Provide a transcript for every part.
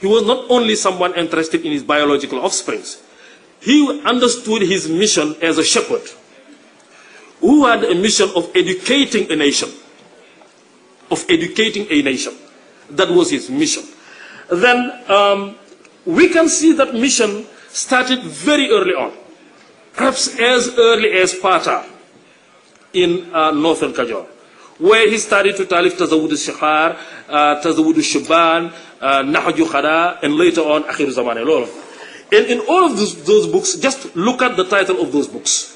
He was not only someone interested in his biological offsprings. He understood his mission as a shepherd who had a mission of educating a nation. Of educating a nation. That was his mission. Then um, we can see that mission started very early on. Perhaps as early as Pata in uh, northern Kajol where he studied to Talif Tazawud al-Shikhar, uh, Tazawud al-Shibban, uh, Nahaj and later on Akhir Zaman al And in all of those, those books, just look at the title of those books.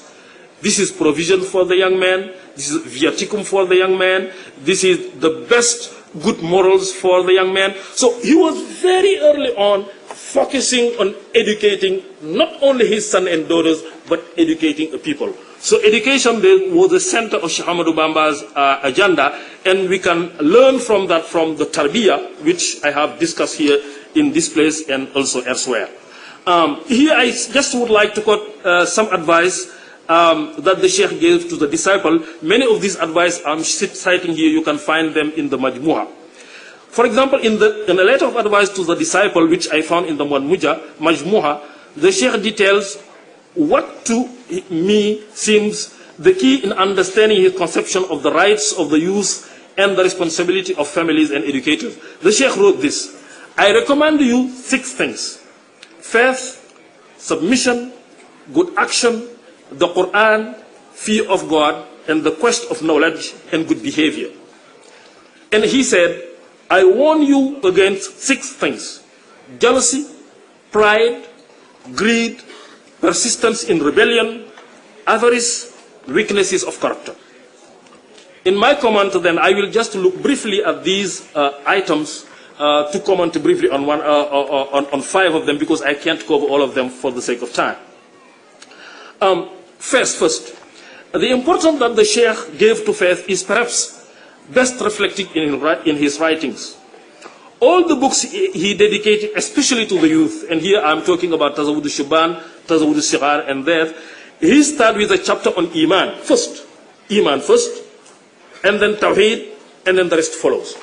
This is provision for the young man. This is viaticum for the young man. This is the best good morals for the young man. So he was very early on focusing on educating not only his son and daughters, but educating the people. So education was the center of Sheikh Ahmadu Bamba's uh, agenda, and we can learn from that from the tarbiyah, which I have discussed here in this place and also elsewhere. Um, here I just would like to quote uh, some advice um, that the Sheikh gave to the disciple. Many of these advice I'm citing here, you can find them in the Majmu'ah. For example, in, the, in a letter of advice to the disciple, which I found in the Muja, Majmuha, the Sheikh details what to me seems the key in understanding his conception of the rights of the youth and the responsibility of families and educators. The Sheikh wrote this, I recommend you six things. Faith, submission, good action, the Quran, fear of God, and the quest of knowledge and good behavior. And he said, I warn you against six things jealousy, pride, greed, persistence in rebellion, avarice, weaknesses of character. In my comment, then, I will just look briefly at these uh, items uh, to comment briefly on, one, uh, uh, uh, on, on, five of them because I can't cover all of them for the sake of time. Um, first, first, the importance that the Sheikh gave to faith is perhaps best reflected in his writings. All the books he dedicated especially to the youth, and here I'm talking about Tazawud Shuban, Tazawud Sigar, and that, he started with a chapter on Iman first. Iman first, and then Tawheed, and then the rest follows.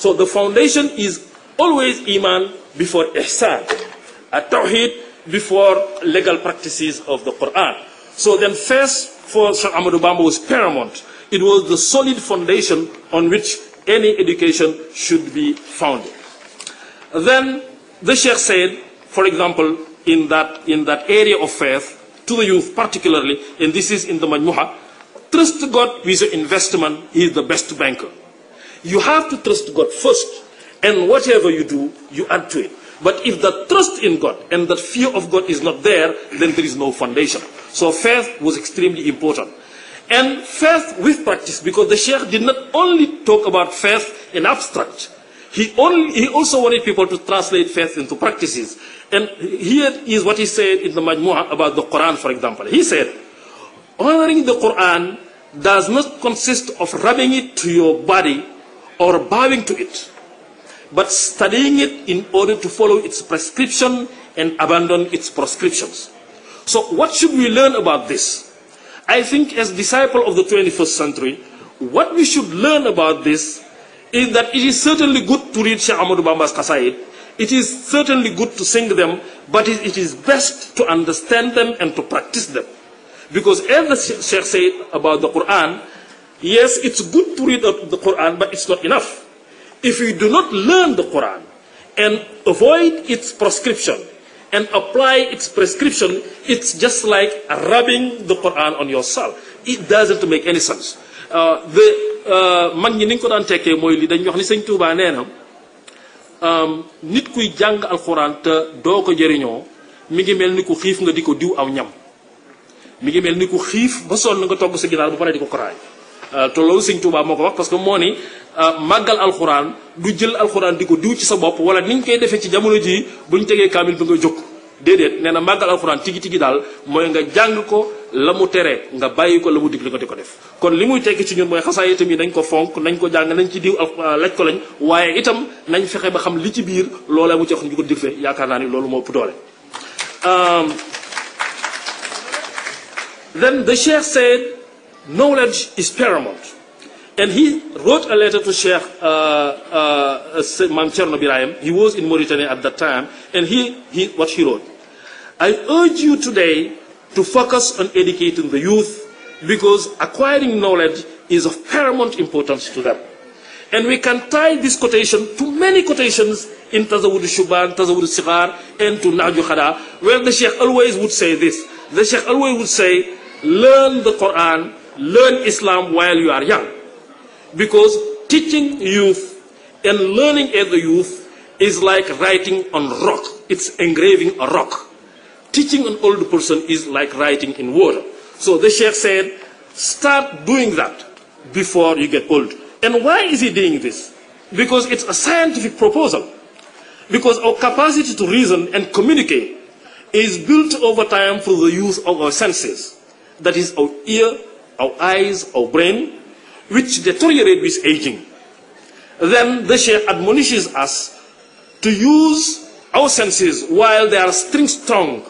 So the foundation is always Iman before Ihsan, a Tawheed before legal practices of the Quran. So then first for Sheikh Ahmad Bamba was paramount. It was the solid foundation on which any education should be founded. Then the Sheikh said, for example, in that, in that area of faith, to the youth particularly, and this is in the Majmuha, trust God with your investment, He is the best banker. You have to trust God first, and whatever you do, you add to it. But if the trust in God and the fear of God is not there, then there is no foundation. So faith was extremely important and faith with practice because the Sheikh did not only talk about faith in abstract. He, only, he also wanted people to translate faith into practices. And here is what he said in the Majmu'ah about the Quran, for example. He said, honoring the Quran does not consist of rubbing it to your body or bowing to it, but studying it in order to follow its prescription and abandon its prescriptions. So what should we learn about this? I think as disciple of the 21st century, what we should learn about this is that it is certainly good to read Sheikh Ahmadou Bamba's Qasaid. It is certainly good to sing them, but it is best to understand them and to practice them. Because as the Sheikh said about the Quran, yes, it's good to read the Quran, but it's not enough. If we do not learn the Quran and avoid its prescription, and apply its prescription, it's just like rubbing the Quran on yourself. It doesn't make any sense. Uh, uh, mag ñi ni ñu ko daan tekkee mooy lii dañ wax ni sëñ Touba nee um, nit kuy jàng alxuraan te doo ko jëriñoo mi ngi mel ni ku xiif nga di ko diw am ñam mi ngi mel ni ku xiif ba sonn nga togg sa ginaar bu pare di ko koraay. Euh, te loolu sëñ Tuubaa moo ko wax parce que moo ni euh, màggal alxuraan du jël alxuraan di ko diw ci sa bopp wala ni ñu koy defee ci jamono jii bu ñu tegee kaamil bi nga jóg déedéet nee na màggal alxuraan tigi tigi daal mooy nga jàng ko la mu tere nga bàyyi ko la mu digle ko di ko def kon li muy tekki ci ñun mooy xasaay itam yi nañ ko fonk nañ ko jàng nañ ci diw euh, laj ko lañ waaye itam nañ fexe ba xam li ci biir loola mu ci wax ñu ko digle yaakaar naa loolu moo ëpp doole then knowledge is paramount. And he wrote a letter to Sheikh uh, uh, uh He was in Mauritania at that time. And he, he, what he wrote, I urge you today to focus on educating the youth because acquiring knowledge is of paramount importance to them. And we can tie this quotation to many quotations in Tazawud Shuban, Tazawud Sigar, and to Nahju Khada, where the Sheikh always would say this. The Sheikh always would say, learn the Quran learn Islam while you are young. Because teaching youth and learning as a youth is like writing on rock. It's engraving a rock. Teaching an old person is like writing in water. So the Sheikh said, start doing that before you get old. And why is he doing this? Because it's a scientific proposal. Because our capacity to reason and communicate is built over time through the use of our senses. That is our ear, our eyes, our brain, which deteriorate with aging. Then the Shaykh admonishes us to use our senses while they are string strong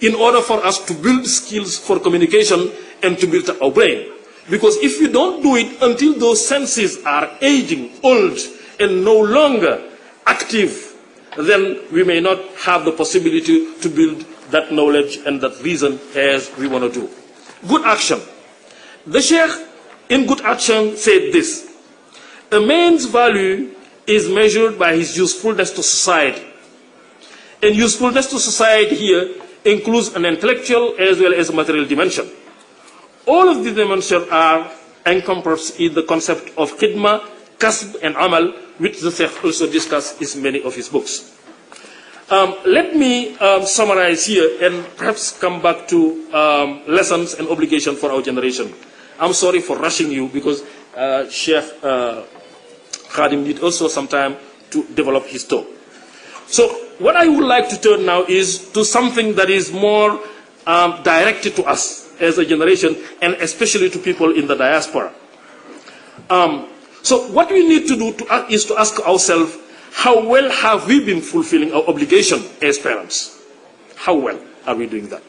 in order for us to build skills for communication and to build our brain. Because if we don't do it until those senses are aging, old, and no longer active, then we may not have the possibility to build that knowledge and that reason as we want to do. Good action. The Sheikh, in good action, said this A man's value is measured by his usefulness to society. And usefulness to society here includes an intellectual as well as a material dimension. All of these dimensions are encompassed in the concept of khidma, kasb, and amal, which the Sheikh also discusses in many of his books. Um, let me um, summarize here and perhaps come back to um, lessons and obligations for our generation. I'm sorry for rushing you because uh, Sheikh uh, Khadim needs also some time to develop his talk. So what I would like to turn now is to something that is more um, directed to us as a generation and especially to people in the diaspora. Um, so what we need to do to, uh, is to ask ourselves, how well have we been fulfilling our obligation as parents? How well are we doing that?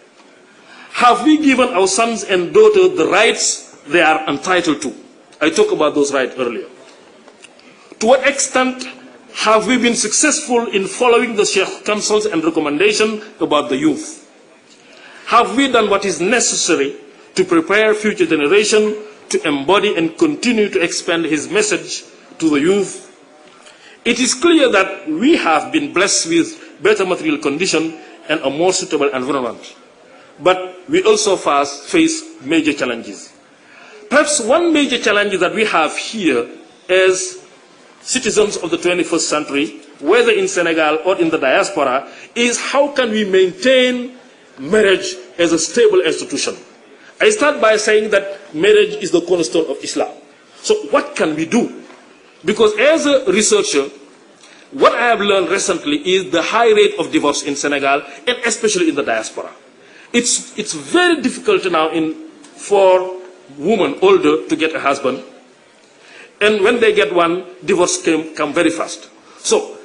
Have we given our sons and daughters the rights they are entitled to. I talked about those rights earlier. To what extent have we been successful in following the Sheikh Council's and recommendation about the youth? Have we done what is necessary to prepare future generation to embody and continue to expand his message to the youth? It is clear that we have been blessed with better material condition and a more suitable environment. But we also face major challenges. Perhaps one major challenge that we have here as citizens of the 21st century, whether in Senegal or in the diaspora, is how can we maintain marriage as a stable institution? I start by saying that marriage is the cornerstone of Islam. So what can we do? Because as a researcher, what I have learned recently is the high rate of divorce in Senegal and especially in the diaspora. It's, it's very difficult now in, for woman older to get a husband. And when they get one, divorce came come very fast. So,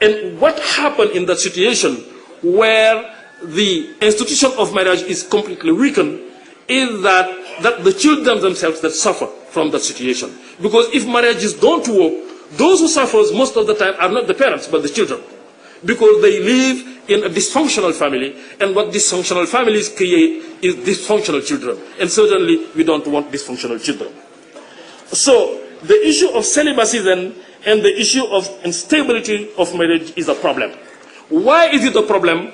and what happened in that situation where the institution of marriage is completely weakened is that, that the children themselves that suffer from that situation. Because if marriages don't work, those who suffer most of the time are not the parents, but the children. Because they live in a dysfunctional family, and what dysfunctional families create is dysfunctional children. And certainly, we don't want dysfunctional children. So, the issue of celibacy then, and the issue of instability of marriage is a problem. Why is it a problem?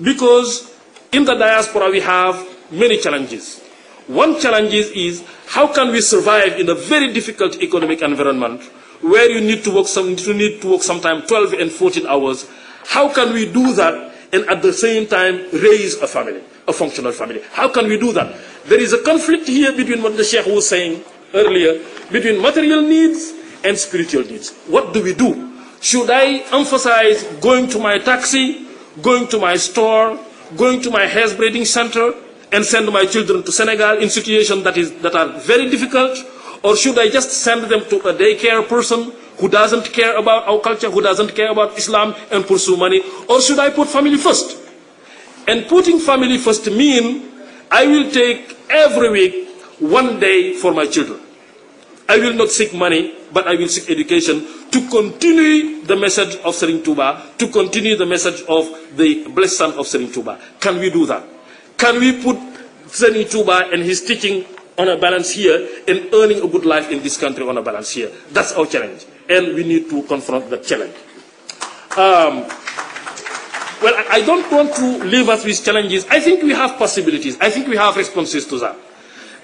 Because in the diaspora we have many challenges. One challenge is how can we survive in a very difficult economic environment where you need to work some you need to work sometime 12 and 14 hours how can we do that and at the same time raise a family, a functional family? How can we do that? There is a conflict here between what the Sheikh was saying earlier, between material needs and spiritual needs. What do we do? Should I emphasize going to my taxi, going to my store, going to my hair braiding center, and send my children to Senegal in situations that are very difficult? Or should I just send them to a daycare person who doesn't care about our culture, who doesn't care about Islam and pursue money? Or should I put family first? And putting family first mean I will take every week one day for my children. I will not seek money, but I will seek education to continue the message of Sering Tuba, to continue the message of the blessed son of Sering Tuba. Can we do that? Can we put Sering Tuba and his teaching on a balance here and earning a good life in this country on a balance here. That's our challenge. And we need to confront that challenge. Um, well, I don't want to leave us with challenges. I think we have possibilities. I think we have responses to that.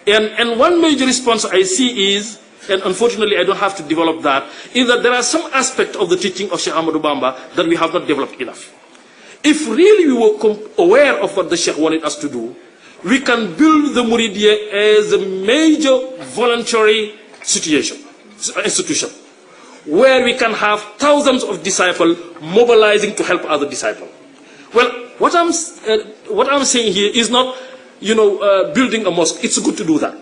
And, and one major response I see is, and unfortunately I don't have to develop that, is that there are some aspects of the teaching of Sheikh Ahmadu Bamba that we have not developed enough. If really we were aware of what the Sheikh wanted us to do, we can build the Muridia as a major voluntary institution where we can have thousands of disciples mobilizing to help other disciples. Well, what I'm, uh, what I'm saying here is not, you know, uh, building a mosque. It's good to do that.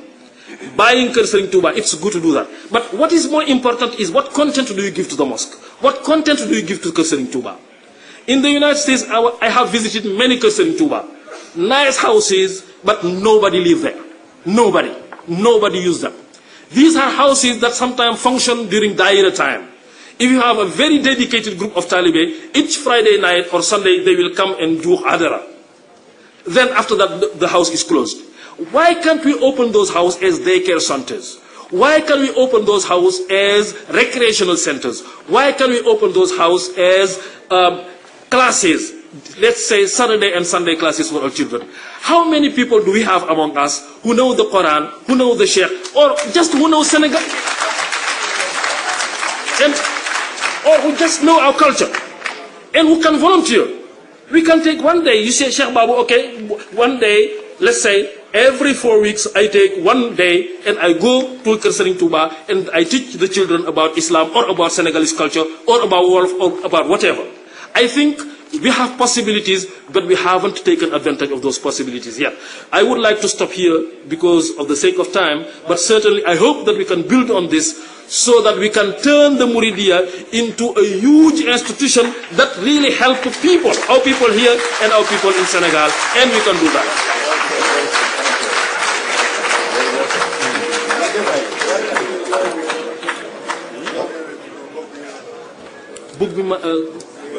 Buying Kursaling Tuba, it's good to do that. But what is more important is what content do you give to the mosque? What content do you give to Kursaling Tuba? In the United States, I, I have visited many Kursaling Tuba. Nice houses, but nobody lives there. Nobody. Nobody uses them. These are houses that sometimes function during Daira time. If you have a very dedicated group of Taliban, each Friday night or Sunday they will come and do adhara. Then after that the house is closed. Why can't we open those houses as daycare centers? Why can we open those houses as recreational centers? Why can we open those houses as um, classes let's say Saturday and Sunday classes for our children. How many people do we have among us who know the Quran, who know the Sheikh, or just who know Senegal? And, or who just know our culture, and who can volunteer. We can take one day, you say, Sheikh Babu, okay, one day, let's say, every four weeks I take one day and I go to Kersering Tuba and I teach the children about Islam or about Senegalese culture or about Wolf or about whatever. I think we have possibilities, but we haven't taken advantage of those possibilities yet. I would like to stop here because of the sake of time, but certainly I hope that we can build on this so that we can turn the Muridia into a huge institution that really helps people, our people here and our people in Senegal, and we can do that. Book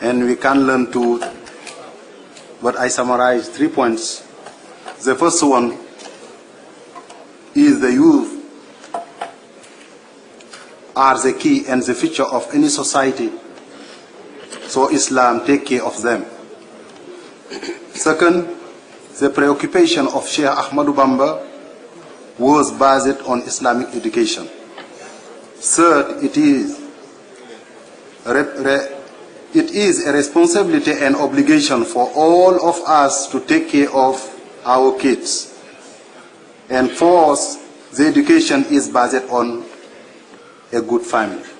and we can learn to, but I summarize three points. The first one is the youth are the key and the future of any society. So Islam take care of them. Second, the preoccupation of Sheikh Ahmadu Bamba was based on Islamic education. Third, it is it is a responsibility and obligation for all of us to take care of our kids. And for us, the education is based on a good family.